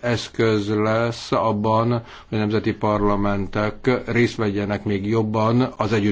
eszköz lesz abban, hogy a nemzeti parlamentek részt vegyenek még jobban az együtt